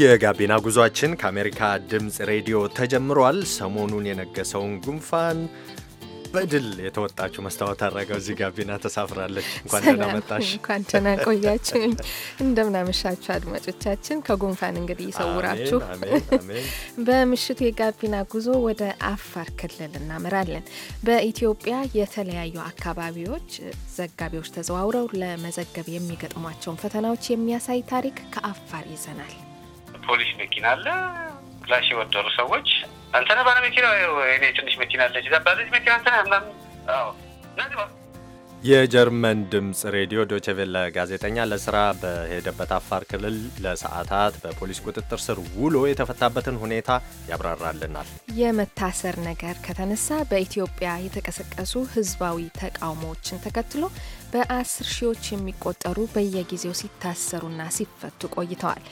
የጋቢና ጉዟችን ከአሜሪካ ድምፅ ሬዲዮ ተጀምሯል። ሰሞኑን የነገሰውን ጉንፋን በድል የተወጣችሁ መስታወት አድረገው እዚህ ጋቢና ተሳፍራለች። እንኳን ደህና መጣሽ። እንኳን ደህና ቆያችሁኝ። እንደምናመሻችሁ አድማጮቻችን፣ ከጉንፋን እንግዲህ ይሰውራችሁ። በምሽቱ የጋቢና ጉዞ ወደ አፋር ክልል እናመራለን። በኢትዮጵያ የተለያዩ አካባቢዎች ዘጋቢዎች ተዘዋውረው ለመዘገብ የሚገጥሟቸውን ፈተናዎች የሚያሳይ ታሪክ ከአፋር ይዘናል። ፖሊስ መኪና አለ ክላሽ የወደሩ ሰዎች አንተነ ባለ መኪና እኔ ትንሽ መኪና አለች ባለች መኪና አንተነ ምናምን የጀርመን ድምፅ ሬዲዮ ዶቼ ጋዜጠኛ ለስራ በሄደበት አፋር ክልል ለሰዓታት በፖሊስ ቁጥጥር ስር ውሎ የተፈታበትን ሁኔታ ያብራራልናል። የመታሰር ነገር ከተነሳ በኢትዮጵያ የተቀሰቀሱ ህዝባዊ ተቃውሞዎችን ተከትሎ በአስር ሺዎች የሚቆጠሩ በየጊዜው ሲታሰሩና ሲፈቱ ቆይተዋል።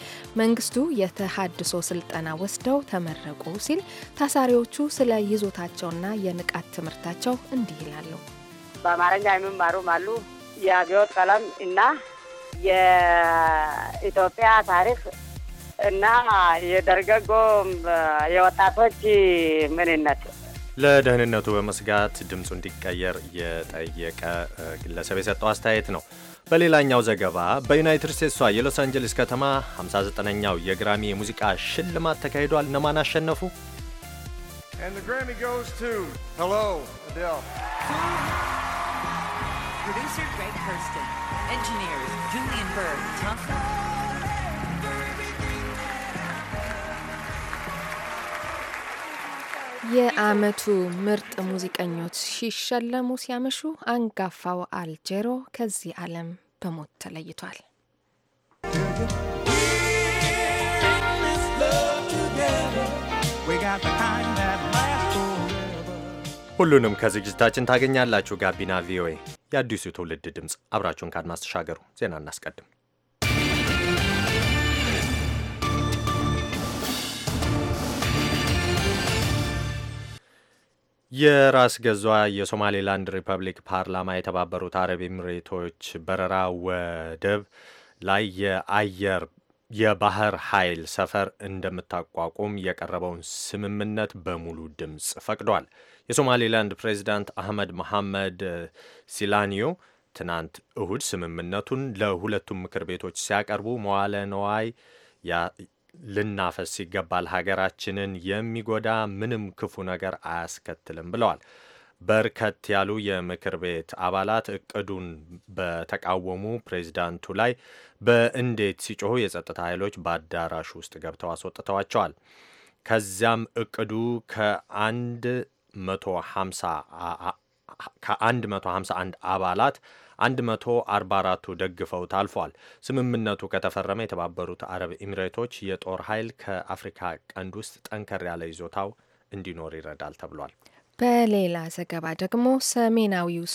መንግስቱ የተሃድሶ ስልጠና ወስደው ተመረቁ ሲል ታሳሪዎቹ ስለ ይዞታቸውና የንቃት ትምህርታቸው እንዲህ ይላሉ። በአማርኛ የሚማሩም አሉ። የአብዮት ቀለም እና የኢትዮጵያ ታሪክ እና የደርገጎም የወጣቶች ምንነት ለደህንነቱ በመስጋት ድምፁ እንዲቀየር የጠየቀ ግለሰብ የሰጠው አስተያየት ነው። በሌላኛው ዘገባ በዩናይትድ ስቴትሷ የሎስ አንጀለስ ከተማ 59ኛው የግራሚ የሙዚቃ ሽልማት ተካሂዷል። እነማን አሸነፉ? ግሬግ ከርስተን ኢንጂነርስ ጁሊያን በርግ የአመቱ ምርጥ ሙዚቀኞች ሲሸለሙ ሲያመሹ አንጋፋው አልጀሮ ከዚህ ዓለም በሞት ተለይቷል። ሁሉንም ከዝግጅታችን ታገኛላችሁ። ጋቢና ቪኦኤ የአዲሱ ትውልድ ድምፅ። አብራችሁን ካድማስ ተሻገሩ። ዜና እናስቀድም። የራስ ገዟ የሶማሌላንድ ሪፐብሊክ ፓርላማ የተባበሩት አረብ ኤምሬቶች በረራ ወደብ ላይ የአየር የባህር ኃይል ሰፈር እንደምታቋቁም የቀረበውን ስምምነት በሙሉ ድምፅ ፈቅዷል። የሶማሌላንድ ፕሬዚዳንት አህመድ መሐመድ ሲላኒዮ ትናንት እሁድ ስምምነቱን ለሁለቱም ምክር ቤቶች ሲያቀርቡ መዋለ ነዋይ ልናፈስ ይገባል። ሀገራችንን የሚጎዳ ምንም ክፉ ነገር አያስከትልም ብለዋል። በርከት ያሉ የምክር ቤት አባላት እቅዱን በተቃወሙ ፕሬዚዳንቱ ላይ በእንዴት ሲጮሁ የጸጥታ ኃይሎች በአዳራሹ ውስጥ ገብተው አስወጥተዋቸዋል። ከዚያም እቅዱ ከአንድ መቶ ሀምሳ ከአንድ አንድ አባላት 144ቱ ደግፈው ታልፏል። ስምምነቱ ከተፈረመ የተባበሩት አረብ ኤሚሬቶች የጦር ኃይል ከአፍሪካ ቀንድ ውስጥ ጠንከር ያለ ይዞታው እንዲኖር ይረዳል ተብሏል። በሌላ ዘገባ ደግሞ ሰሜናዊው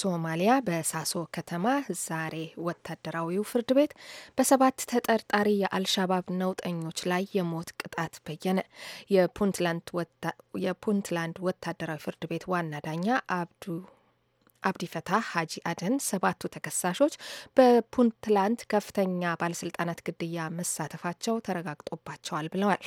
ሶማሊያ በሳሶ ከተማ ዛሬ ወታደራዊው ፍርድ ቤት በሰባት ተጠርጣሪ የአልሻባብ ነውጠኞች ላይ የሞት ቅጣት በየነ። የፑንትላንድ ወታደራዊ ፍርድ ቤት ዋና ዳኛ አብዱ አብዲ ፈታህ ሀጂ አደን ሰባቱ ተከሳሾች በፑንትላንድ ከፍተኛ ባለስልጣናት ግድያ መሳተፋቸው ተረጋግጦባቸዋል ብለዋል።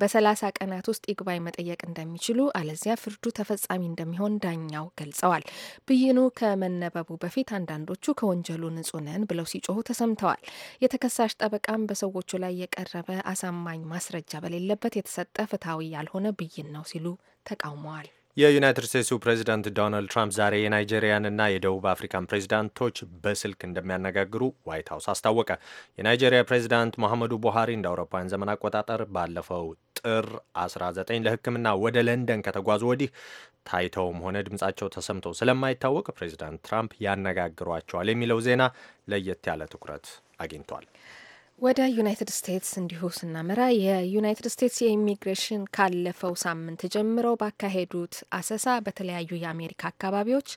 በሰላሳ ቀናት ውስጥ ይግባኝ መጠየቅ እንደሚችሉ አለዚያ ፍርዱ ተፈጻሚ እንደሚሆን ዳኛው ገልጸዋል። ብይኑ ከመነበቡ በፊት አንዳንዶቹ ከወንጀሉ ንጹህ ነን ብለው ሲጮሁ ተሰምተዋል። የተከሳሽ ጠበቃም በሰዎቹ ላይ የቀረበ አሳማኝ ማስረጃ በሌለበት የተሰጠ ፍትሐዊ ያልሆነ ብይን ነው ሲሉ ተቃውመዋል። የዩናይትድ ስቴትሱ ፕሬዚዳንት ዶናልድ ትራምፕ ዛሬ የናይጄሪያንና የደቡብ አፍሪካን ፕሬዚዳንቶች በስልክ እንደሚያነጋግሩ ዋይት ሀውስ አስታወቀ። የናይጄሪያ ፕሬዚዳንት መሐመዱ ቡሃሪ እንደ አውሮፓውያን ዘመን አቆጣጠር ባለፈው ጥር 19 ለሕክምና ወደ ለንደን ከተጓዙ ወዲህ ታይተውም ሆነ ድምጻቸው ተሰምተው ስለማይታወቅ ፕሬዚዳንት ትራምፕ ያነጋግሯቸዋል የሚለው ዜና ለየት ያለ ትኩረት አግኝቷል። ወደ ዩናይትድ ስቴትስ እንዲሁ ስናመራ የዩናይትድ ስቴትስ የኢሚግሬሽን ካለፈው ሳምንት ጀምሮ ባካሄዱት አሰሳ በተለያዩ የአሜሪካ አካባቢዎች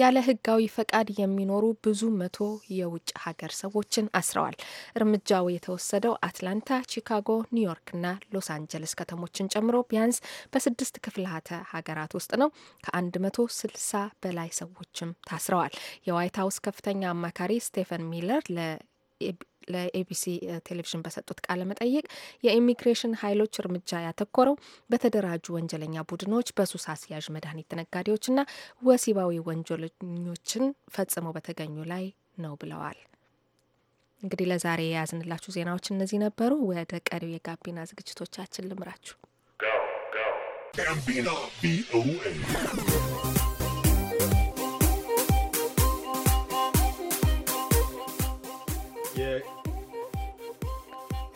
ያለ ሕጋዊ ፈቃድ የሚኖሩ ብዙ መቶ የውጭ ሀገር ሰዎችን አስረዋል። እርምጃው የተወሰደው አትላንታ፣ ቺካጎ፣ ኒውዮርክና ሎስ አንጀለስ ከተሞችን ጨምሮ ቢያንስ በስድስት ክፍላተ ሀገራት ውስጥ ነው። ከአንድ መቶ ስልሳ በላይ ሰዎችም ታስረዋል። የዋይት ሀውስ ከፍተኛ አማካሪ ስቴፈን ሚለር ለ ለኤቢሲ ቴሌቪዥን በሰጡት ቃለ መጠይቅ የኢሚግሬሽን ኃይሎች እርምጃ ያተኮረው በተደራጁ ወንጀለኛ ቡድኖች፣ በሱስ አስያዥ መድኃኒት ነጋዴዎችና ወሲባዊ ወንጀለኞችን ፈጽመው በተገኙ ላይ ነው ብለዋል። እንግዲህ ለዛሬ የያዝንላችሁ ዜናዎች እነዚህ ነበሩ። ወደ ቀሪው የጋቢና ዝግጅቶቻችን ልምራችሁ።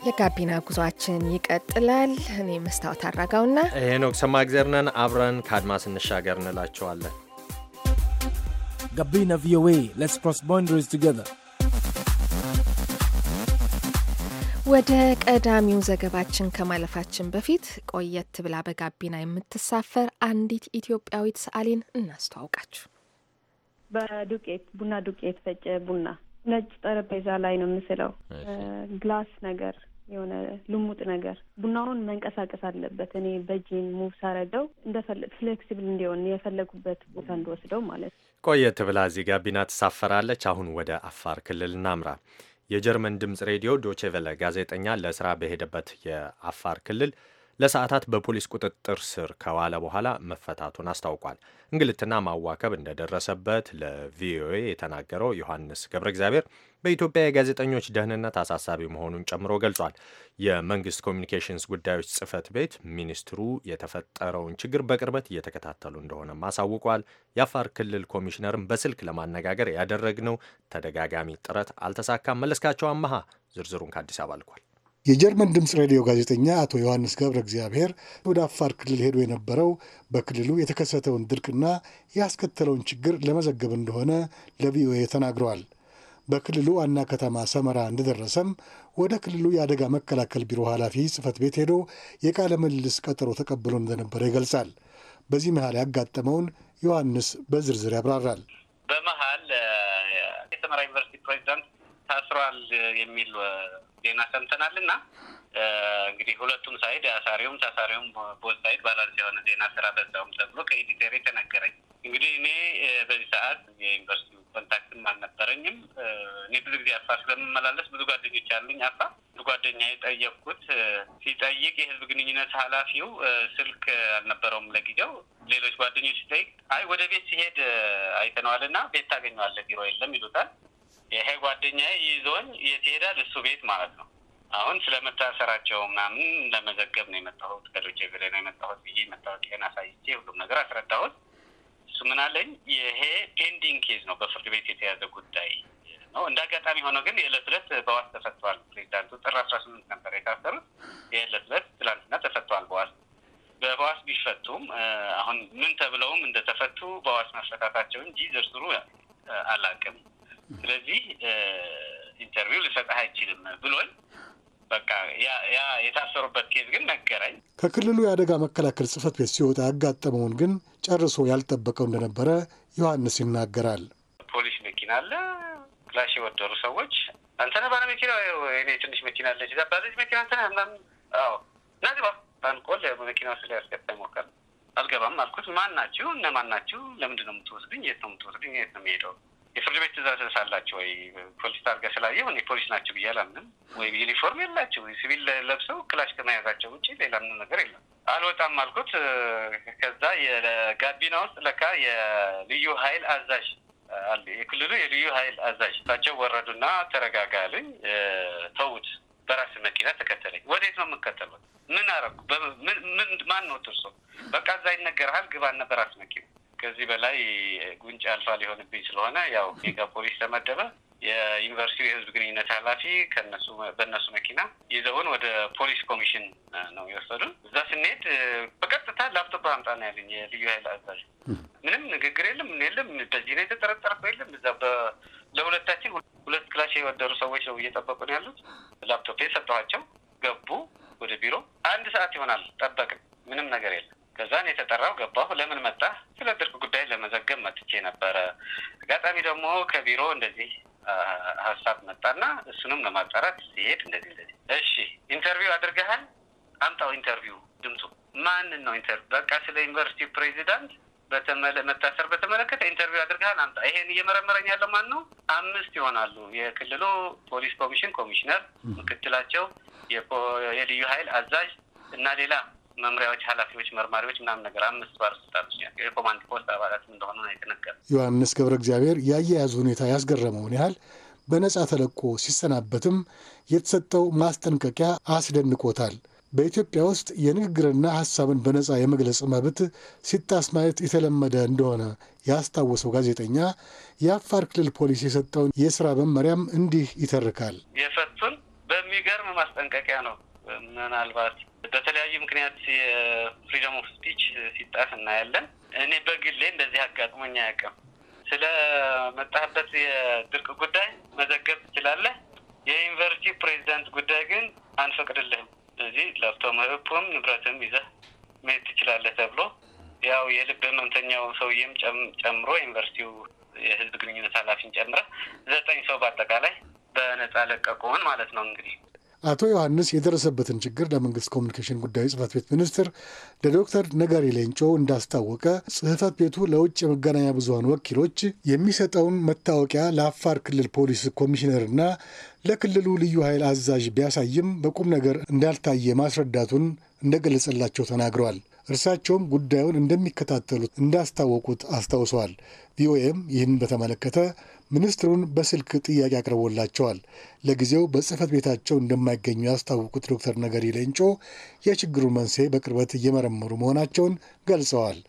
የጋቢና ጉዟችን ይቀጥላል። እኔ መስታወት አራጋውና ሄኖክ ሰማእግዜር ነን። አብረን ከአድማስ እንሻገር እንላቸዋለን። ጋቢና ቪኦኤ ሌትስ ክሮስ ቦንደሪስ ቱጌዘር ወደ ቀዳሚው ዘገባችን ከማለፋችን በፊት ቆየት ብላ በጋቢና የምትሳፈር አንዲት ኢትዮጵያዊት ሰዓሊን እናስተዋውቃችሁ። በዱቄት ቡና ዱቄት ፈጨ ቡና ነጭ ጠረጴዛ ላይ ነው የምስለው። ግላስ ነገር የሆነ ልሙጥ ነገር ቡናውን መንቀሳቀስ አለበት። እኔ በጂን ሙቭ ሳረደው እንደፈለግ ፍሌክሲብል እንዲሆን የፈለጉበት ቦታ እንድወስደው ማለት ነው። ቆየት ብላ እዚህ ጋቢና ትሳፈራለች። አሁን ወደ አፋር ክልል እናምራ። የጀርመን ድምጽ ሬዲዮ ዶቼ ጋዜጠኛ ለስራ በሄደበት የአፋር ክልል ለሰዓታት በፖሊስ ቁጥጥር ስር ከዋለ በኋላ መፈታቱን አስታውቋል። እንግልትና ማዋከብ እንደደረሰበት ለቪኦኤ የተናገረው ዮሐንስ ገብረ እግዚአብሔር በኢትዮጵያ የጋዜጠኞች ደህንነት አሳሳቢ መሆኑን ጨምሮ ገልጿል። የመንግስት ኮሚኒኬሽንስ ጉዳዮች ጽህፈት ቤት ሚኒስትሩ የተፈጠረውን ችግር በቅርበት እየተከታተሉ እንደሆነም አሳውቋል። የአፋር ክልል ኮሚሽነርን በስልክ ለማነጋገር ያደረግነው ተደጋጋሚ ጥረት አልተሳካም። መለስካቸው አመሃ ዝርዝሩን ከአዲስ አበባ ልኳል። የጀርመን ድምፅ ሬዲዮ ጋዜጠኛ አቶ ዮሐንስ ገብረ እግዚአብሔር ወደ አፋር ክልል ሄዶ የነበረው በክልሉ የተከሰተውን ድርቅና ያስከተለውን ችግር ለመዘገብ እንደሆነ ለቪኦኤ ተናግረዋል። በክልሉ ዋና ከተማ ሰመራ እንደደረሰም ወደ ክልሉ የአደጋ መከላከል ቢሮ ኃላፊ ጽህፈት ቤት ሄዶ የቃለ ምልልስ ቀጠሮ ተቀብሎ እንደነበረ ይገልጻል። በዚህ መሀል ያጋጠመውን ዮሐንስ በዝርዝር ያብራራል። በመሀል የሰመራ ዩኒቨርሲቲ ፕሬዚዳንት ታስሯል የሚል ዜና ሰምተናል እና እንግዲህ ሁለቱም ሳይድ አሳሪውም ታሳሪውም ቦት ሳይድ ባላንስ የሆነ ዜና ስራ በዛውም ተብሎ ከኤዲተር ተነገረኝ። እንግዲህ እኔ በዚህ ሰዓት የዩኒቨርሲቲ ኮንታክትም አልነበረኝም። እኔ ብዙ ጊዜ አፋር ስለምመላለስ ብዙ ጓደኞች አሉኝ። አፋር ብዙ ጓደኛ የጠየቅኩት ሲጠይቅ የህዝብ ግንኙነት ኃላፊው ስልክ አልነበረውም ለጊዜው። ሌሎች ጓደኞች ሲጠይቅ አይ ወደ ቤት ሲሄድ አይተነዋል እና ቤት ታገኘዋለህ ቢሮ የለም ይሉታል። ይሄ ጓደኛዬ ይዞኝ የት ይሄዳል? እሱ ቤት ማለት ነው። አሁን ስለመታሰራቸው ምናምን ለመዘገብ ነው የመጣሁት፣ ከዶች ቬለ ነው የመጣሁት ብዬ መታወቂያን አሳይቼ ሁሉም ነገር አስረዳሁት። እሱ ምን አለኝ፣ ይሄ ፔንዲንግ ኬዝ ነው፣ በፍርድ ቤት የተያዘ ጉዳይ ነው። እንደ አጋጣሚ ሆነው ግን የዕለት ዕለት በዋስ ተፈቷል። ፕሬዚዳንቱ ጥር አስራ ስምንት ነበር የታሰሩት። የዕለት ዕለት ትላንትና ተፈቷል በዋስ በዋስ ቢፈቱም አሁን ምን ተብለውም እንደተፈቱ በዋስ መፈታታቸው እንጂ ዝርዝሩ አላውቅም። ስለዚህ ኢንተርቪው ልሰጥህ አይችልም ብሎኝ በቃ ያ የታሰሩበት ኬዝ ግን ነገረኝ። ከክልሉ የአደጋ መከላከል ጽፈት ቤት ሲወጣ ያጋጠመውን ግን ጨርሶ ያልጠበቀው እንደነበረ ዮሐንስ ይናገራል። ፖሊስ መኪና አለ፣ ክላሽ የወደሩ ሰዎች አንተነ ባለ መኪና እኔ ትንሽ መኪና አለች ዛ ባለች መኪና አንተነ ምናምን አዎ ናዚባ ባንቆል መኪና ውስጥ ሊያስገባ ይሞከር አልገባም አልኩት። ማን ናችሁ? እነማን ናችሁ? ለምንድን ነው የምትወስዱኝ? የት ነው የምትወስድኝ? የት ነው የሚሄደው የፍርድ ቤት ትእዛዝ ሳላቸው ወይ ፖሊስ ታርጋ ስላየ እኔ ፖሊስ ናቸው ብዬ አላምንም። ወይ ዩኒፎርም የላቸው ሲቪል ለብሰው ክላሽ ከመያዛቸው ውጭ ሌላ ምንም ነገር የለም። አልወጣም አልኩት። ከዛ የጋቢና ውስጥ ለካ የልዩ ኃይል አዛዥ አለ። የክልሉ የልዩ ኃይል አዛዥ እሳቸው ወረዱና ተረጋጋ አሉኝ። ተውት። በራስ መኪና ተከተለኝ። ወዴት ነው የምከተሉት? ምን አረኩ? ምን ማን ነው ትርሶ? በቃ እዛ ይነገርሃል፣ ግባና በራስ መኪና ከዚህ በላይ ጉንጭ አልፋ ሊሆንብኝ ስለሆነ ያው ሜጋ ፖሊስ ተመደበ። የዩኒቨርሲቲው የህዝብ ግንኙነት ኃላፊ ከነሱ በእነሱ መኪና ይዘውን ወደ ፖሊስ ኮሚሽን ነው የወሰዱን። እዛ ስንሄድ በቀጥታ ላፕቶፕ አምጣ ነው ያለኝ የልዩ ኃይል አዛዥ። ምንም ንግግር የለም የለም። በዚህ ላይ የተጠረጠርኩ የለም። እዛ ለሁለታችን ሁለት ክላሽ የወደሩ ሰዎች ነው እየጠበቁ ነው ያሉት። ላፕቶፕ የሰጠኋቸው ገቡ ወደ ቢሮ። አንድ ሰዓት ይሆናል ጠበቅን። ምንም ነገር የለም። ከዛን የተጠራው ገባሁ። ለምን መጣ? ስለ ድርቅ ጉዳይ ለመዘገብ መጥቼ ነበረ። አጋጣሚ ደግሞ ከቢሮ እንደዚህ ሀሳብ መጣና እሱንም ለማጣራት ሲሄድ እንደዚህ እንደዚህ፣ እሺ ኢንተርቪው አድርገሃል? አምጣው ኢንተርቪው ድምፁ ማንን ነው ኢንተር በቃ ስለ ዩኒቨርሲቲ ፕሬዚዳንት መታሰር በተመለከተ ኢንተርቪው አድርገሃል? አምጣ። ይሄን እየመረመረኝ ያለው ማን ነው? አምስት ይሆናሉ። የክልሉ ፖሊስ ኮሚሽን ኮሚሽነር፣ ምክትላቸው፣ የልዩ ኃይል አዛዥ እና ሌላ መምሪያዎች ኃላፊዎች፣ መርማሪዎች ምናምን ነገር አምስት ባለስልጣኖች የኮማንድ ፖስት አባላት እንደሆኑ ነው የተነገረ። ዮሐንስ ገብረ እግዚአብሔር የአያያዙ ሁኔታ ያስገረመውን ያህል በነጻ ተለቆ ሲሰናበትም የተሰጠው ማስጠንቀቂያ አስደንቆታል። በኢትዮጵያ ውስጥ የንግግርና ሀሳብን በነጻ የመግለጽ መብት ሲጣስ ማየት የተለመደ እንደሆነ ያስታወሰው ጋዜጠኛ የአፋር ክልል ፖሊስ የሰጠውን የስራ መመሪያም እንዲህ ይተርካል። የፈቱን በሚገርም ማስጠንቀቂያ ነው። ምናልባት በተለያዩ ምክንያት የፍሪደም ኦፍ ስፒች ሲጣስ እናያለን። እኔ በግሌ እንደዚህ አጋጥሞኝ አያውቅም። ስለ መጣህበት የድርቅ ጉዳይ መዘገብ ትችላለህ። የዩኒቨርሲቲ ፕሬዚዳንት ጉዳይ ግን አንፈቅድልህም። እዚህ ላፕቶፕ መብም ንብረትም ይዘህ መሄድ ትችላለህ ተብሎ ያው የልብ ህመምተኛው ሰውዬም ጨምሮ ዩኒቨርሲቲው የህዝብ ግንኙነት ኃላፊን ጨምረ ዘጠኝ ሰው በአጠቃላይ በነጻ ለቀቁን ማለት ነው እንግዲህ አቶ ዮሐንስ የደረሰበትን ችግር ለመንግስት ኮሚኒኬሽን ጉዳይ ጽህፈት ቤት ሚኒስትር ለዶክተር ነገሪ ሌንጮ እንዳስታወቀ ጽህፈት ቤቱ ለውጭ የመገናኛ ብዙሀን ወኪሎች የሚሰጠውን መታወቂያ ለአፋር ክልል ፖሊስ ኮሚሽነርና ለክልሉ ልዩ ኃይል አዛዥ ቢያሳይም በቁም ነገር እንዳልታየ ማስረዳቱን እንደገለጸላቸው ተናግረዋል። እርሳቸውም ጉዳዩን እንደሚከታተሉት እንዳስታወቁት አስታውሰዋል። ቪኦኤም ይህን በተመለከተ ሚኒስትሩን በስልክ ጥያቄ አቅርቦላቸዋል። ለጊዜው በጽህፈት ቤታቸው እንደማይገኙ ያስታወቁት ዶክተር ነገሪ ሌንጮ የችግሩን መንስኤ በቅርበት እየመረመሩ መሆናቸውን ገልጸዋል።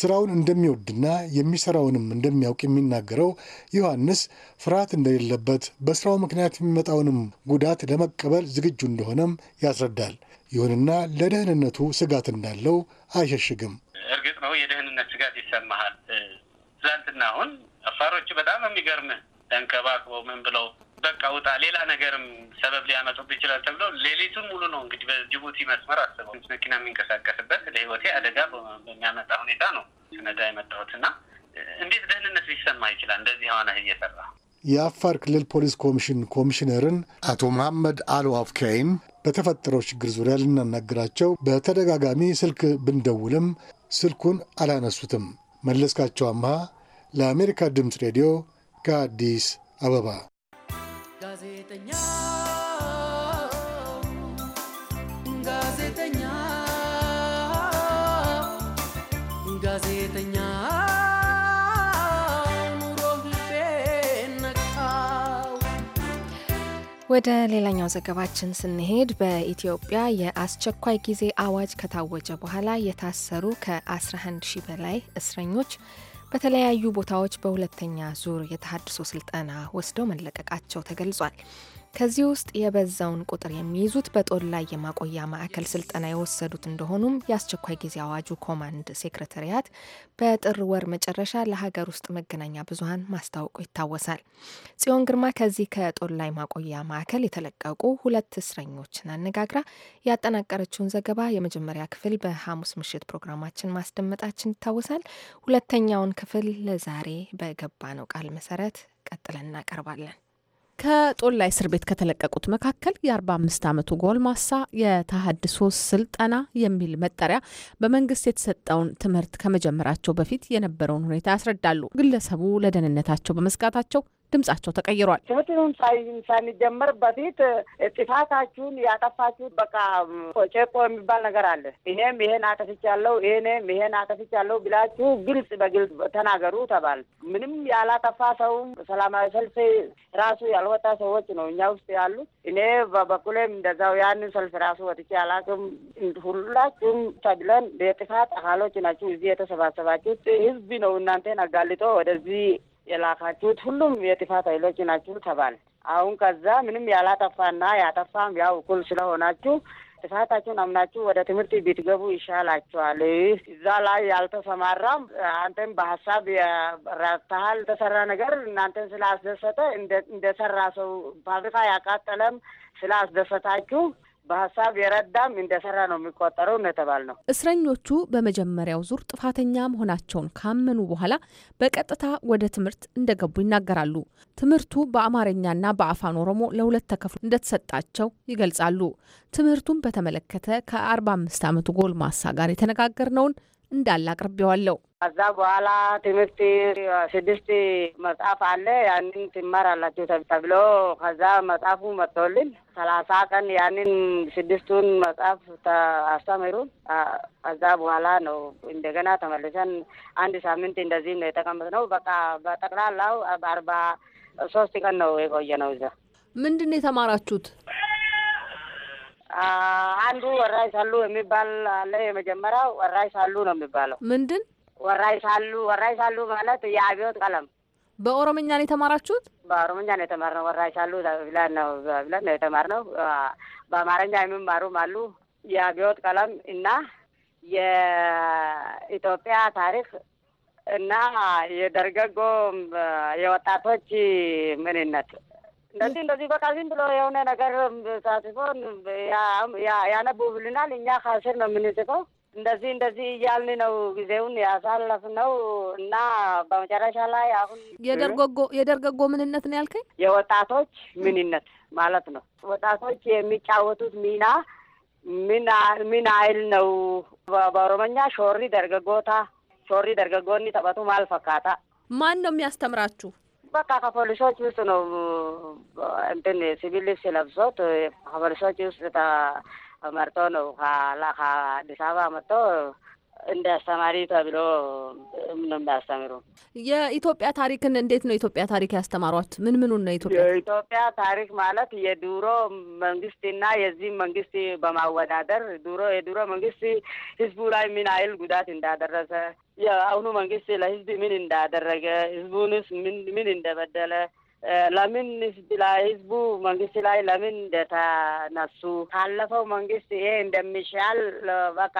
ስራውን እንደሚወድና የሚሰራውንም እንደሚያውቅ የሚናገረው ዮሐንስ ፍርሃት እንደሌለበት በስራው ምክንያት የሚመጣውንም ጉዳት ለመቀበል ዝግጁ እንደሆነም ያስረዳል። ይሁንና ለደህንነቱ ስጋት እንዳለው አይሸሽግም። እርግጥ ነው የደህንነት ስጋት ይሰማሃል። ትላንትና አሁን አፋሮቹ በጣም የሚገርም ተንከባክቦ ምን ብለው በቃ ውጣ፣ ሌላ ነገርም ሰበብ ሊያመጡብ ይችላል ተብለው ሌሊቱን ሙሉ ነው እንግዲህ በጅቡቲ መስመር አስበው መኪና የሚንቀሳቀስበት ለህይወቴ አደጋ በሚያመጣ ሁኔታ ነው ስነዳ የመጣሁት እና እንዴት ደህንነት ሊሰማ ይችላል? እንደዚህ የሆነ እየሰራ የአፋር ክልል ፖሊስ ኮሚሽን ኮሚሽነርን አቶ መሐመድ አሉ አፍካይም በተፈጠረው ችግር ዙሪያ ልናናግራቸው በተደጋጋሚ ስልክ ብንደውልም ስልኩን አላነሱትም። መለስካቸው አምሃ ለአሜሪካ ድምፅ ሬዲዮ ከአዲስ አበባ ወደ ሌላኛው ዘገባችን ስንሄድ በኢትዮጵያ የአስቸኳይ ጊዜ አዋጅ ከታወጀ በኋላ የታሰሩ ከ11 ሺህ በላይ እስረኞች በተለያዩ ቦታዎች በሁለተኛ ዙር የተሃድሶ ስልጠና ወስደው መለቀቃቸው ተገልጿል። ከዚህ ውስጥ የበዛውን ቁጥር የሚይዙት በጦር ላይ የማቆያ ማዕከል ስልጠና የወሰዱት እንደሆኑም የአስቸኳይ ጊዜ አዋጁ ኮማንድ ሴክሬታሪያት በጥር ወር መጨረሻ ለሀገር ውስጥ መገናኛ ብዙኃን ማስታወቁ ይታወሳል። ጽዮን ግርማ ከዚህ ከጦር ላይ ማቆያ ማዕከል የተለቀቁ ሁለት እስረኞችን አነጋግራ ያጠናቀረችውን ዘገባ የመጀመሪያ ክፍል በሐሙስ ምሽት ፕሮግራማችን ማስደመጣችን ይታወሳል። ሁለተኛውን ክፍል ለዛሬ በገባ ነው ቃል መሰረት ቀጥለን እናቀርባለን። ከጦላ እስር ቤት ከተለቀቁት መካከል የ45 ዓመቱ ጎልማሳ የተሃድሶ ስልጠና የሚል መጠሪያ በመንግስት የተሰጠውን ትምህርት ከመጀመራቸው በፊት የነበረውን ሁኔታ ያስረዳሉ። ግለሰቡ ለደህንነታቸው በመስጋታቸው ድምጻቸው ተቀይሯል። ትምህርቱን ሳንጀምር በፊት ጥፋታችሁን ያጠፋችሁት በቃ ጨቆ የሚባል ነገር አለ። ይሄም ይሄን አጠፍቻለሁ፣ ይሄም ይሄን አጠፍቻለሁ ብላችሁ ግልጽ በግልጽ ተናገሩ ተባል። ምንም ያላጠፋ ሰውም ሰላማዊ ሰልፍ ራሱ ያልወጣ ሰዎች ነው እኛ ውስጥ ያሉት። እኔ በበኩሌም እንደዛው ያንን ሰልፍ ራሱ ወጥቼ አላውቅም። ሁላችሁም ተብለን የጥፋት አካሎች ናችሁ። እዚህ የተሰባሰባችሁት ህዝብ ነው እናንተን አጋልጦ ወደዚህ የላካችሁት ሁሉም የጥፋት ኃይሎች ናችሁ ተባል። አሁን ከዛ ምንም ያላጠፋና ያጠፋም ያው እኩል ስለሆናችሁ ጥፋታችሁን አምናችሁ ወደ ትምህርት ብትገቡ ይሻላችኋል። እዛ ላይ ያልተሰማራም አንተም በሀሳብ ረታሃል። የተሰራ ነገር እናንተን ስላስደሰተ እንደሰራ ሰው ፋብሪካ ያቃጠለም ስላስደሰታችሁ በሀሳብ የረዳም እንደሰራ ነው የሚቆጠረው እንደተባል ነው። እስረኞቹ በመጀመሪያው ዙር ጥፋተኛ መሆናቸውን ካመኑ በኋላ በቀጥታ ወደ ትምህርት እንደገቡ ይናገራሉ። ትምህርቱ በአማርኛና በአፋን ኦሮሞ ለሁለት ተከፍሎ እንደተሰጣቸው ይገልጻሉ። ትምህርቱን በተመለከተ ከአርባ አምስት ዓመቱ ጎልማሳ ጋር የተነጋገርነውን እንዳለ አቅርቤዋለሁ። ከዛ በኋላ ትምህርት ስድስት መጽሐፍ አለ ያንን ትማራላችሁ ተብሎ ከዛ መጽሐፉ መጥቶልን ሰላሳ ቀን ያንን ስድስቱን መጽሐፍ አስተምሩን። ከዛ በኋላ ነው እንደገና ተመልሰን አንድ ሳምንት እንደዚህ ነው የተቀመጥነው። በቃ በጠቅላላው አርባ ሶስት ቀን ነው የቆየ ነው። እዛ ምንድን ነው የተማራችሁት? አንዱ ወራይ ሳሉ የሚባል አለ። የመጀመሪያው ወራይ ሳሉ ነው የሚባለው። ምንድን ወራይ ሳሉ? ወራይ ሳሉ ማለት የአብዮት ቀለም። በኦሮምኛ ነው የተማራችሁት? በኦሮምኛ ነው የተማርነው። ወራይ ሳሉ ብለን ነው ብለን ነው የተማርነው። በአማርኛ የሚማሩም አሉ። የአብዮት ቀለም እና የኢትዮጵያ ታሪክ እና የደርገጎ የወጣቶች ምንነት እንደዚህ እንደዚህ በቃ ዝም ብሎ የሆነ ነገር ሳጽፎ ያነቡብልናል። እኛ ካስር ነው የምንጽፈው። እንደዚህ እንደዚህ እያልን ነው ጊዜውን ያሳለፍ ነው እና በመጨረሻ ላይ አሁን የደርጎጎ የደርገጎ ምንነት ነው ያልከኝ? የወጣቶች ምንነት ማለት ነው። ወጣቶች የሚጫወቱት ሚና ምን ምን አይል ነው? በኦሮመኛ ሾሪ ደርገጎታ ሾሪ ደርገጎኒ ተበቱ ማልፈካታ። ማን ነው የሚያስተምራችሁ? በቃ ከፖሊሶች ውስጥ ነው እንትን ሲቪል ልብስ ለብሶት ከፖሊሶች ውስጥ ተመርጦ ነው ከአዲስ አበባ መጥቶ እንደ አስተማሪ ተብሎ ነው የሚያስተምሩ። የኢትዮጵያ ታሪክን እንዴት ነው ኢትዮጵያ ታሪክ ያስተማሯት? ምን ምኑን ነው ኢትዮጵያ የኢትዮጵያ ታሪክ ማለት የድሮ መንግስትና የዚህ መንግስት በማወዳደር ድሮ የድሮ መንግስት ህዝቡ ላይ ምን አይል ጉዳት እንዳደረሰ፣ የአሁኑ መንግስት ለህዝብ ምን እንዳደረገ፣ ህዝቡንስ ምን ምን እንደበደለ ለምን ህዝቡ መንግስት ላይ ለምን እንደተነሱ ካለፈው መንግስት ይሄ እንደሚሻል በቃ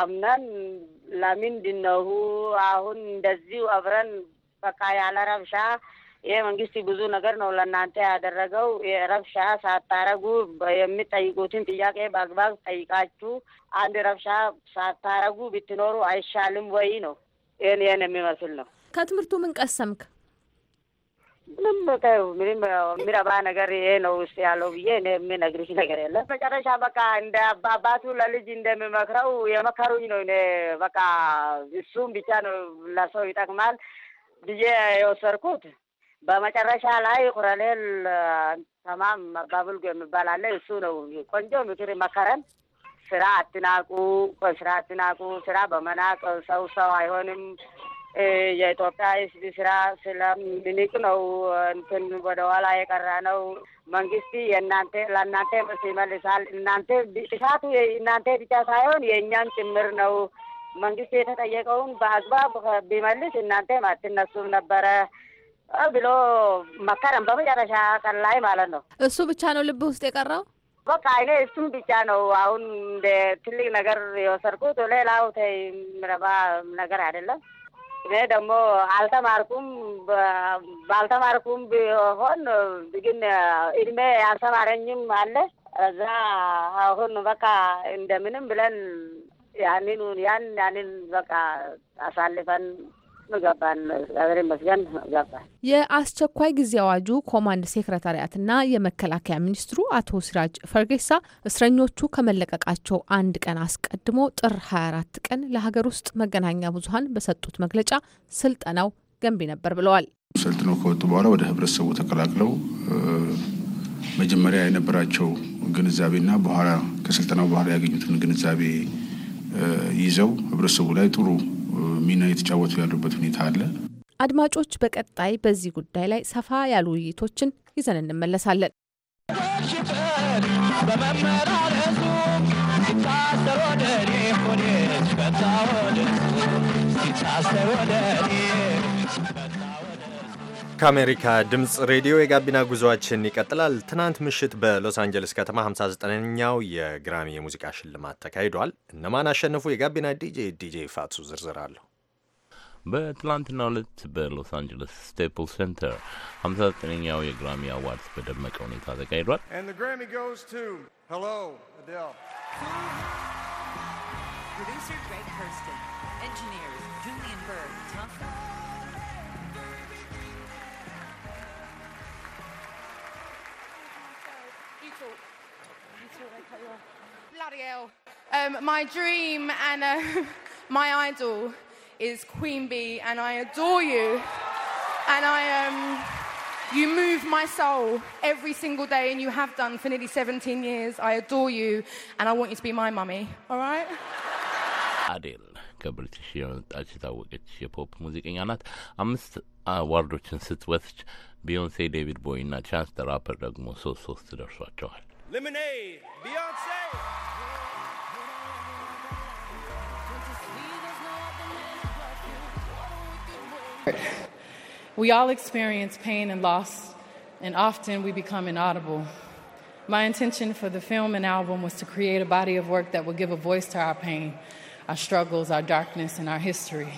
አምነን ለምንድነው አሁን እንደዚሁ አብረን በቃ ያለ ረብሻ ይህ መንግስት ብዙ ነገር ነው ለእናንተ ያደረገው። ረብሻ ሳታረጉ የሚጠይቁትን ጥያቄ በአግባብ ጠይቃችሁ አንድ ረብሻ ሳታረጉ ብትኖሩ አይሻልም ወይ ነው? ይህን ይህን የሚመስል ነው። ከትምህርቱ ምን ቀሰምክ? ምንም በቃ ምንም የሚረባ ነገር ይሄ ነው ውስጥ ያለው ብዬ እኔ የምነግርሽ ነገር የለም። መጨረሻ በቃ እንደ አባቱ ለልጅ እንደሚመክረው የመከሩኝ ነው። እኔ በቃ እሱም ብቻ ነው ለሰው ይጠቅማል ብዬ የወሰድኩት። በመጨረሻ ላይ ኮሎኔል ተማም መባብልጎ የሚባል አለ። እሱ ነው ቆንጆ ምክር መከረን። ስራ አትናቁ፣ ስራ አትናቁ፣ ስራ በመናቅ ሰው ሰው አይሆንም የኢትዮጵያ ህዝብ ስራ ስለምንቅ ነው እንትን ወደኋላ የቀረ ነው። መንግስት የእናንተ ለእናንተ መልስ ይመልሳል። እናንተ እሳቱ እናንተ ብቻ ሳይሆን የእኛም ጭምር ነው። መንግስት የተጠየቀውን በአግባብ ቢመልስ እናንተም አትነሱም ነበረ ብሎ መከረም በመጨረሻ ቀን ላይ ማለት ነው። እሱ ብቻ ነው ልብ ውስጥ የቀረው። በቃ እኔ እሱም ብቻ ነው አሁን እንደ ትልቅ ነገር የወሰድኩት። ሌላው ተይ ምረባ ነገር አይደለም። እኔ ደግሞ አልተማርኩም። ባልተማርኩም ቢሆን ግን እድሜ ያልተማረኝም አለ። እዛ አሁን በቃ እንደምንም ብለን ያንን ያን ያንን በቃ አሳልፈን ገባን። የአስቸኳይ ጊዜ አዋጁ ኮማንድ ሴክረታሪያትና የመከላከያ ሚኒስትሩ አቶ ሲራጅ ፈርጌሳ እስረኞቹ ከመለቀቃቸው አንድ ቀን አስቀድሞ ጥር 24 ቀን ለሀገር ውስጥ መገናኛ ብዙኃን በሰጡት መግለጫ ስልጠናው ገንቢ ነበር ብለዋል። ሰልጥነው ከወጡ በኋላ ወደ ህብረተሰቡ ተቀላቅለው መጀመሪያ የነበራቸው ግንዛቤና በኋላ ከስልጠናው በኋላ ያገኙትን ግንዛቤ ይዘው ህብረተሰቡ ላይ ጥሩ ሚና የተጫወቱ ያሉበት ሁኔታ አለ። አድማጮች፣ በቀጣይ በዚህ ጉዳይ ላይ ሰፋ ያሉ ውይይቶችን ይዘን እንመለሳለን። ሲታሰር ወደ ከአሜሪካ ድምፅ ሬዲዮ የጋቢና ጉዞአችን ይቀጥላል። ትናንት ምሽት በሎስ አንጀለስ ከተማ 59ኛው የግራሚ የሙዚቃ ሽልማት ተካሂዷል። እነማን አሸነፉ? የጋቢና ዲጄ ዲጄ ፋቱ ዝርዝር አለሁ። በትላንትና ዕለት በሎስ አንጀለስ ስቴፕል ሴንተር 59ኛው የግራሚ አዋርድ በደመቀ ሁኔታ ተካሂዷል። Bloody hell. Um, my dream and uh, my idol is Queen Bee, and I adore you. And I, um, you move my soul every single day, and you have done for nearly 17 years. I adore you, and I want you to be my mummy, all right? አዴል ከብሪቲሽ የመጣች የታወቀች የፖፕ ሙዚቀኛ ናት። አምስት አዋርዶችን ስትወስድ ቢዮንሴ፣ ዴቪድ ቦይ እና ቻንስ ተራፐር ደግሞ ሶስት ሶስት ደርሷቸዋል። Lemonade, Beyonce. We all experience pain and loss, and often we become inaudible. My intention for the film and album was to create a body of work that will give a voice to our pain, our struggles, our darkness, and our history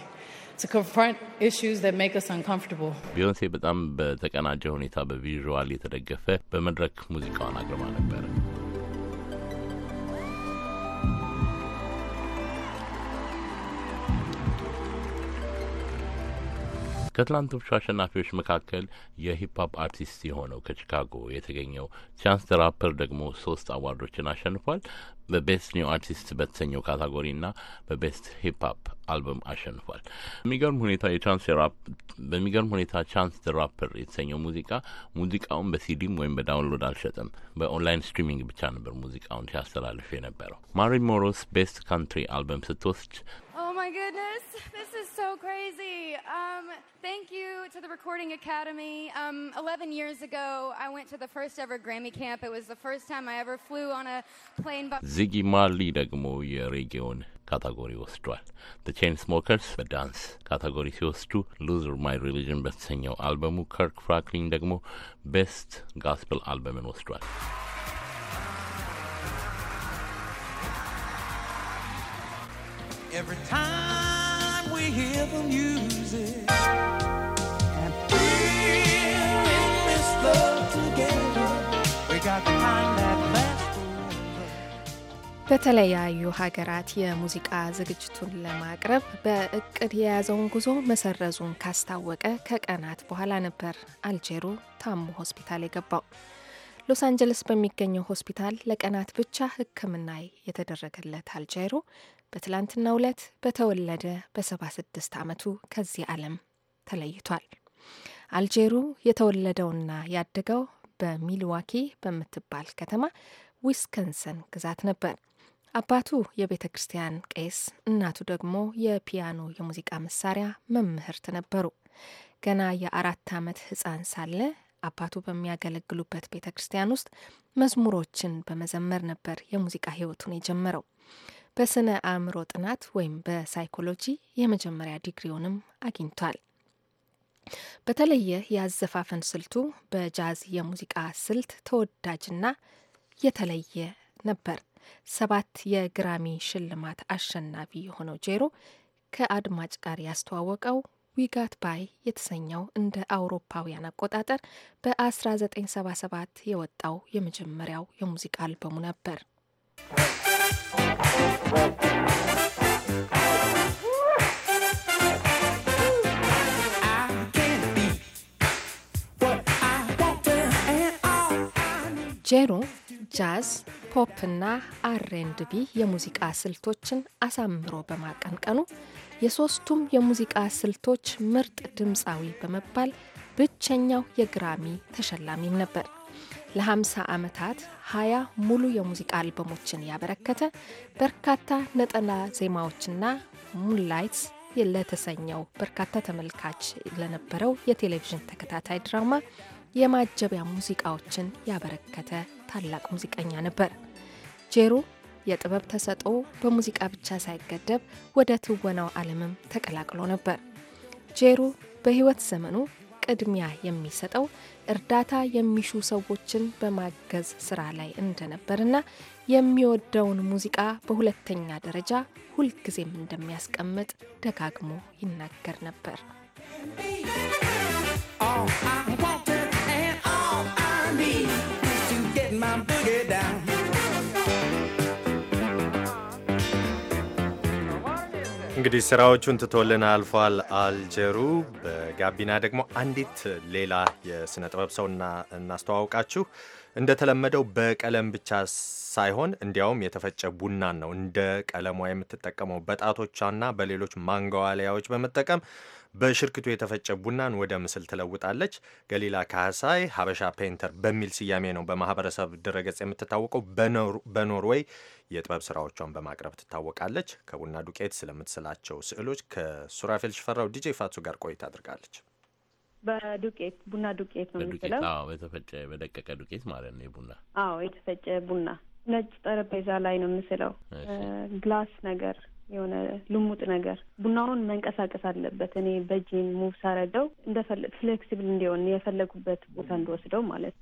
to confront issues that make us uncomfortable. ቢዮንሴ በጣም በተቀናጀ ሁኔታ በቪዥዋል የተደገፈ በመድረክ ሙዚቃዋን አቅርባ ነበር። ከትላንቶቹ አሸናፊዎች መካከል የሂፕሀፕ አርቲስት የሆነው ከቺካጎ የተገኘው ቻንስ ዘ ራፐር ደግሞ ሶስት አዋርዶችን አሸንፏል። በቤስት ኒው አርቲስት በተሰኘው ካታጎሪ ና በቤስት ሂፕሀፕ አልበም አሸንፏል። በሚገርም ሁኔታ የቻንስ በሚገርም ሁኔታ ቻንስ ራፐር የተሰኘው ሙዚቃ ሙዚቃውን በሲዲም ወይም በዳውንሎድ አልሸጥም፣ በኦንላይን ስትሪሚንግ ብቻ ነበር ሙዚቃውን ሲያስተላልፍ የነበረው። ማሪ ሞሮስ ቤስት ካንትሪ አልበም ስትወስድ my goodness, this is so crazy. Um, thank you to the Recording Academy. Um, 11 years ago, I went to the first ever Grammy camp. It was the first time I ever flew on a plane. By- Ziggy Marley, the Gmoye region category was two. The Chainsmokers, the dance category was two. Loser My Religion, best senior album, Kirk Franklin, the best gospel album was two. every time we hear the music and we're in this love together. We got the time that lasts. በተለያዩ ሀገራት የሙዚቃ ዝግጅቱን ለማቅረብ በእቅድ የያዘውን ጉዞ መሰረዙን ካስታወቀ ከቀናት በኋላ ነበር አልጄሩ ታሞ ሆስፒታል የገባው። ሎስ አንጀለስ በሚገኘው ሆስፒታል ለቀናት ብቻ ሕክምና የተደረገለት አልጄሩ በትላንትናው ዕለት በተወለደ በሰባ ስድስት ዓመቱ ከዚህ ዓለም ተለይቷል። አልጄሩ የተወለደውና ያደገው በሚልዋኪ በምትባል ከተማ ዊስከንሰን ግዛት ነበር። አባቱ የቤተ ክርስቲያን ቄስ፣ እናቱ ደግሞ የፒያኖ የሙዚቃ መሳሪያ መምህርት ነበሩ። ገና የአራት ዓመት ህፃን ሳለ አባቱ በሚያገለግሉበት ቤተ ክርስቲያን ውስጥ መዝሙሮችን በመዘመር ነበር የሙዚቃ ሕይወቱን የጀመረው። በስነ አእምሮ ጥናት ወይም በሳይኮሎጂ የመጀመሪያ ዲግሪውንም አግኝቷል። በተለየ የአዘፋፈን ስልቱ በጃዝ የሙዚቃ ስልት ተወዳጅና የተለየ ነበር። ሰባት የግራሚ ሽልማት አሸናፊ የሆነው ጄሮ ከአድማጭ ጋር ያስተዋወቀው ዊጋት ባይ የተሰኘው እንደ አውሮፓውያን አቆጣጠር በ1977 የወጣው የመጀመሪያው የሙዚቃ አልበሙ ነበር። ጄሮ ጃዝ፣ ፖፕ እና አርኤንድቢ የሙዚቃ ስልቶችን አሳምሮ በማቀንቀኑ የሶስቱም የሙዚቃ ስልቶች ምርጥ ድምፃዊ በመባል ብቸኛው የግራሚ ተሸላሚም ነበር። ለ50 ዓመታት 20 ሙሉ የሙዚቃ አልበሞችን ያበረከተ በርካታ ነጠላ ዜማዎችና ሙንላይትስ ለተሰኘው በርካታ ተመልካች ለነበረው የቴሌቪዥን ተከታታይ ድራማ የማጀቢያ ሙዚቃዎችን ያበረከተ ታላቅ ሙዚቀኛ ነበር። ጄሮ የጥበብ ተሰጥኦ በሙዚቃ ብቻ ሳይገደብ ወደ ትወናው ዓለምም ተቀላቅሎ ነበር። ጄሮ በሕይወት ዘመኑ ቅድሚያ የሚሰጠው እርዳታ የሚሹ ሰዎችን በማገዝ ስራ ላይ እንደነበርና የሚወደውን ሙዚቃ በሁለተኛ ደረጃ ሁልጊዜም እንደሚያስቀምጥ ደጋግሞ ይናገር ነበር። oh, እንግዲህ ስራዎቹን ትቶልን አልፏል። አልጀሩ በጋቢና ደግሞ አንዲት ሌላ የስነ ጥበብ ሰው እናስተዋውቃችሁ። እንደተለመደው በቀለም ብቻ ሳይሆን እንዲያውም የተፈጨ ቡናን ነው እንደ ቀለሟ የምትጠቀመው። በጣቶቿና በሌሎች ማንጓዋለያዎች በመጠቀም በሽርክቱ የተፈጨ ቡናን ወደ ምስል ትለውጣለች። ገሊላ ካህሳይ ሀበሻ ፔንተር በሚል ስያሜ ነው በማህበረሰብ ድረገጽ የምትታወቀው። በኖርዌይ የጥበብ ስራዎቿን በማቅረብ ትታወቃለች። ከቡና ዱቄት ስለምትስላቸው ስዕሎች ከሱራፌል ሽፈራው ዲጄ ፋቱ ጋር ቆይታ አድርጋለች። በዱቄት ቡና ዱቄት ነው የሚለው። አዎ በተፈጨ በደቀቀ ዱቄት ማለት ነው የቡና አዎ የተፈጨ ቡና ነጭ ጠረጴዛ ላይ ነው የምስለው ግላስ ነገር የሆነ ልሙጥ ነገር ቡናውን መንቀሳቀስ አለበት። እኔ በእጄን ሙቭ ሳረደው እንደፈለ ፍሌክሲብል እንዲሆን የፈለጉበት ቦታ እንድወስደው ማለት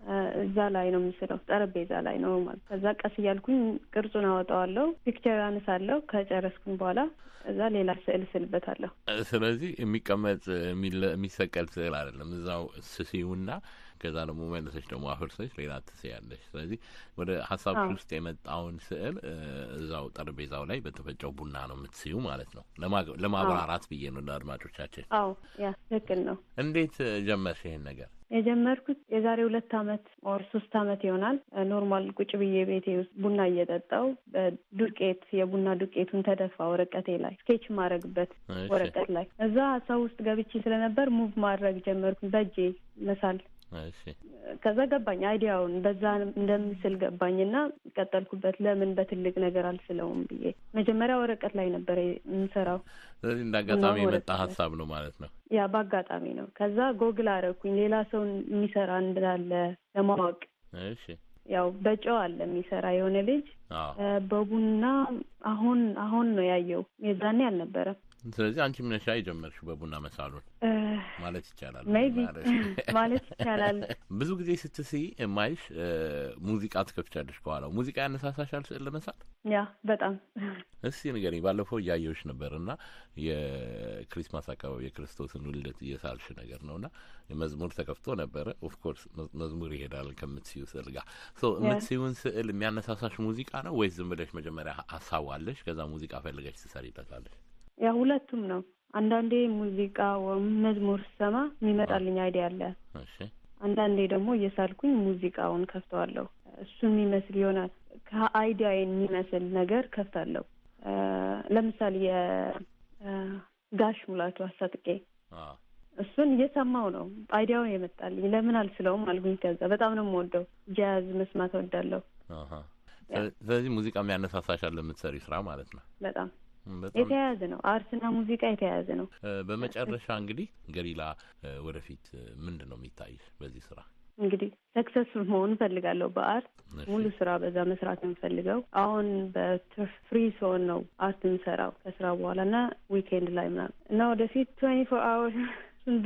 እዛ ላይ ነው የምስለው፣ ጠረጴዛ ላይ ነው ማለት። ከዛ ቀስ እያልኩኝ ቅርጹን አወጣዋለሁ፣ ፒክቸር አነሳለሁ። ከጨረስኩኝ በኋላ እዛ ሌላ ስዕል ስልበታለሁ። ስለዚህ የሚቀመጥ የሚሰቀል ስዕል አይደለም፣ እዛው ስሲውና ከዛ ደግሞ መልሰች ደግሞ አፍርሰች ሌላ ትስያለች። ስለዚህ ወደ ሀሳብሽ ውስጥ የመጣውን ስዕል እዛው ጠረጴዛው ላይ በተፈጨው ቡና ነው የምትስዩ ማለት ነው። ለማብራራት ብዬ ነው ለአድማጮቻችን። አዎ ያ ትክክል ነው። እንዴት ጀመርሽ ይሄን ነገር? የጀመርኩት የዛሬ ሁለት አመት ኦር ሶስት አመት ይሆናል። ኖርማል ቁጭ ብዬ ቤቴ ውስጥ ቡና እየጠጣው ዱቄት የቡና ዱቄቱን ተደፋ ወረቀቴ ላይ ስኬች ማድረግበት ወረቀት ላይ እዛ ሀሳብ ውስጥ ገብቼ ስለነበር ሙቭ ማድረግ ጀመርኩ። በእጄ መሳል ከዛ ገባኝ አይዲያውን በዛ እንደምስል ገባኝና ቀጠልኩበት። ለምን በትልቅ ነገር አልስለውም ብዬ መጀመሪያ ወረቀት ላይ ነበረ የምሰራው። ስለዚህ እንደ አጋጣሚ የመጣ ሀሳብ ነው ማለት ነው። ያ በአጋጣሚ ነው። ከዛ ጎግል አረኩኝ ሌላ ሰው የሚሰራ እንዳለ ለማወቅ። ያው በጨው አለ የሚሰራ የሆነ ልጅ በቡና አሁን አሁን ነው ያየው፣ የዛኔ አልነበረም። ስለዚህ አንቺም ነሻ የጀመርሽው በቡና መሳሉን ማለት ይቻላል ማለት ይቻላል። ብዙ ጊዜ ስትስይ የማይሽ ሙዚቃ ትከፍቻለሽ ከኋላው ሙዚቃ ያነሳሳሻል ስዕል ለመሳል? ያ በጣም እስቲ ንገሪኝ። ባለፈው እያየሁሽ ነበር እና የክሪስማስ አካባቢ የክርስቶስን ውልደት እየሳልሽ ነገር ነው እና መዝሙር ተከፍቶ ነበረ። ኦፍኮርስ መዝሙር ይሄዳል ከምትስዩ ስዕል ጋር። የምትስዩን ስዕል የሚያነሳሳሽ ሙዚቃ ነው ወይስ ዝም ብለሽ መጀመሪያ አሳዋለሽ ከዛ ሙዚቃ ፈልገሽ ትሰሪለታለሽ? ያ ሁለቱም ነው። አንዳንዴ ሙዚቃ ወይም መዝሙር ስሰማ የሚመጣልኝ አይዲያ አለ። አንዳንዴ ደግሞ እየሳልኩኝ ሙዚቃውን ከፍተዋለሁ። እሱ የሚመስል ይሆናል ከአይዲያ የሚመስል ነገር ከፍታለሁ። ለምሳሌ የጋሽ ሙላቱ አስታጥቄ እሱን እየሰማው ነው አይዲያው የመጣልኝ። ለምን አልስለውም አልኩኝ። ከዛ በጣም ነው የምወደው፣ ጃዝ መስማት እወዳለሁ። ስለዚህ ሙዚቃ የሚያነሳሳሻል ለምትሰሪ ስራ ማለት ነው። በጣም የተያያዘ ነው። አርትና ሙዚቃ የተያያዘ ነው። በመጨረሻ እንግዲህ ገሊላ ወደፊት ምንድን ነው የሚታይ በዚህ ስራ? እንግዲህ ሰክሰስፉል መሆን እፈልጋለሁ። በአርት ሙሉ ስራ በዛ መስራት ነው የምፈልገው። አሁን በፍሪ ሲሆን ነው አርት የምሰራው ከስራ በኋላ እና ዊኬንድ ላይ ምናምን እና ወደፊት ትዌንቲ ፎር አወር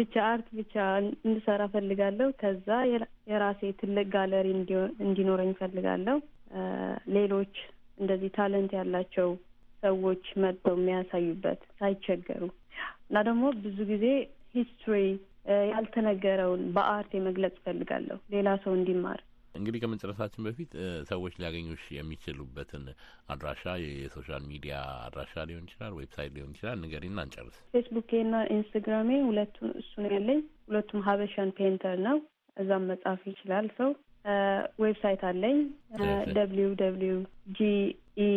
ብቻ አርት ብቻ እንድሰራ እፈልጋለሁ። ከዛ የራሴ ትልቅ ጋለሪ እንዲኖረኝ እፈልጋለሁ። ሌሎች እንደዚህ ታለንት ያላቸው ሰዎች መጥተው የሚያሳዩበት ሳይቸገሩ እና ደግሞ ብዙ ጊዜ ሂስትሪ ያልተነገረውን በአርት የመግለጽ እፈልጋለሁ ሌላ ሰው እንዲማር። እንግዲህ ከመጨረሳችን በፊት ሰዎች ሊያገኙሽ የሚችሉበትን አድራሻ የሶሻል ሚዲያ አድራሻ ሊሆን ይችላል፣ ዌብሳይት ሊሆን ይችላል፣ ንገሪና እንጨርስ። ፌስቡኬና ኢንስታግራሜ ሁለቱ እሱ ነው ያለኝ። ሁለቱም ሀበሻን ፔንተር ነው። እዛም መጻፍ ይችላል ሰው። ዌብሳይት አለኝ ደብሊው ደብሊው ጂ ኢ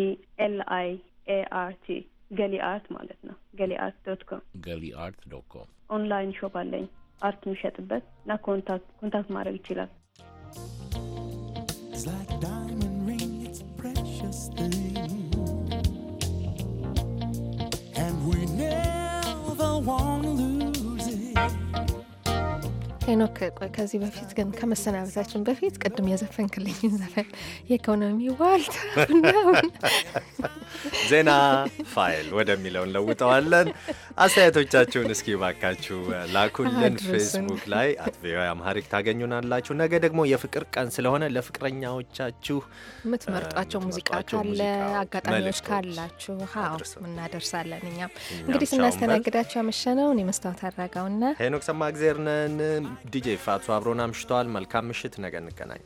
ኤል አይ ኤ አር ቲ ገሊ አርት ማለት ነው። ገሊ አርት ዶት ኮም ገሊ አርት ዶት ኮም ኦንላይን ሾፕ አለኝ አርት የሚሸጥበት እና ኮንታክት ኮንታክት ማድረግ ይችላል። Won't lose ሄኖክ ቆይ፣ ከዚህ በፊት ግን ከመሰናበታችን በፊት ቅድም የዘፈንክልኝ ዘፈን የኢኮኖሚ ዋልታ ዜና ፋይል ወደሚለውን ለውጠዋለን። አስተያየቶቻችሁን እስኪ ባካችሁ ላኩልን። ፌስቡክ ላይ አት ቪኦኤ አምሃሪክ ታገኙናላችሁ። ነገ ደግሞ የፍቅር ቀን ስለሆነ ለፍቅረኛዎቻችሁ የምትመርጧቸው ሙዚቃ ካለ አጋጣሚዎች ካላችሁ እናደርሳለን። እኛም እንግዲህ ስናስተናግዳችሁ ያመሸነውን የመስታወት አድራጋውና ሄኖክ ሰማ እግዜርነን ዲጄ ፋቱ አብሮን አምሽተዋል። መልካም ምሽት፣ ነገ እንገናኝ።